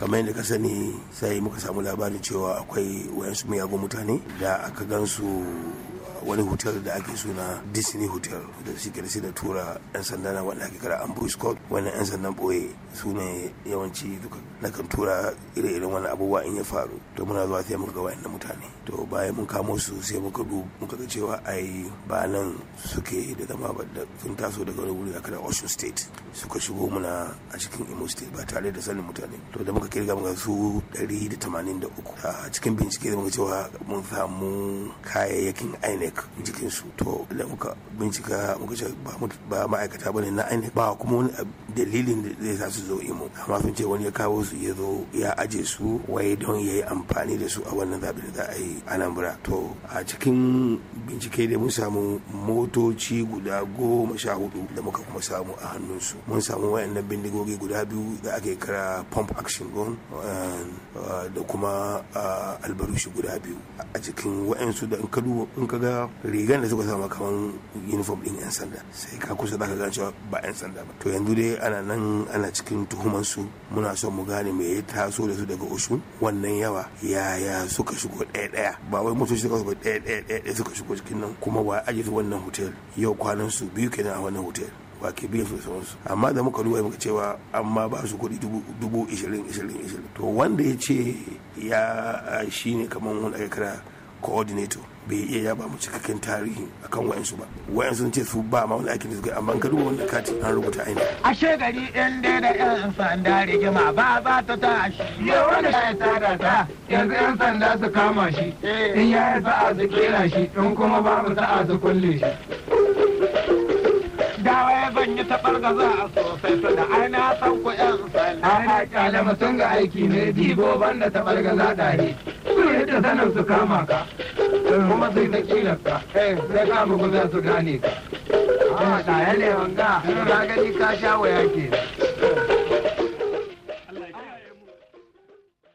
kamar yadda ka sani sai muka samu labarin cewa akwai wayansu miyagun mutane da aka gansu wani hotel da ake suna disney hotel da shi sai da tura yan sanda na wanda ake kira ambush scott wannan yan sandan boye su ne yawanci duka na kan tura ire-iren wani abubuwa in ya faru to muna zuwa sai muka ga wayannan mutane to bayan mun kamo su sai muka du muka ga cewa ai ba nan suke da zama ba da sun taso daga wani wuri aka da ocean state suka shigo muna a cikin Imo state ba tare da sanin mutane to da muka kirga muka su 183 a cikin bincike da muka cewa mun samu kayayyakin ainihin inec jikin su to da muka bincika muka ce ba ma'aikata ba ne na inec ba kuma wani dalilin da zai sa su zo imo amma sun ce wani ya kawo su ya zo ya aje su wai don ya yi amfani da su a wannan zaɓe da za a yi anambra to a cikin bincike da mun samu motoci guda goma sha hudu da muka kuma samu a hannun su. mun samu wayannan bindigogi guda biyu da ake kira pump action gun uh, da kuma uh, albarushi guda biyu a cikin wayansu da in ka ga rigar rigan da suka sama kaman uniform din yan sanda sai ka kusa zaka gane cewa ba yan sanda ba to yanzu dai ana nan ana cikin tuhuman su muna son mu gane me ya taso da su daga usu wannan yawa yaya suka shigo ɗaya ɗaya ba wai shi suka shigo ɗaya ɗaya ɗaya suka shigo cikin nan kuma wa aje su wannan hotel yau kwanan su biyu kenan a wannan hotel ba ke biyan su da amma da muka duba muka cewa amma ba su kuɗi dubu ishirin ishirin ishirin to wanda ya ce ya shine kamar wanda aka kira coordinator bai iya yaba mu cikakken tarihi akan wayansu ba wayansu sun ce su ba ma wani aikin da suka amma kadu wanda kati an rubuta aini ashe gari in dai da yan sanda rigima ba ba ta shi ya wani ta da ta yanzu yan sanda su kama shi in ya yi sa'a su kera shi in kuma ba mu sa'a su kulle shi dawaye ban yi taɓar gaza a sosai su da ai na san ku yan sanda a na mutum ga aiki ne dibo ban da taɓar ga za ta kuskure yadda sanar su kama ka kuma sai ta kila ka eh. sai ka bugu za su gane ka a ɗaya ne wanga eh. ka gani ka sha waya ke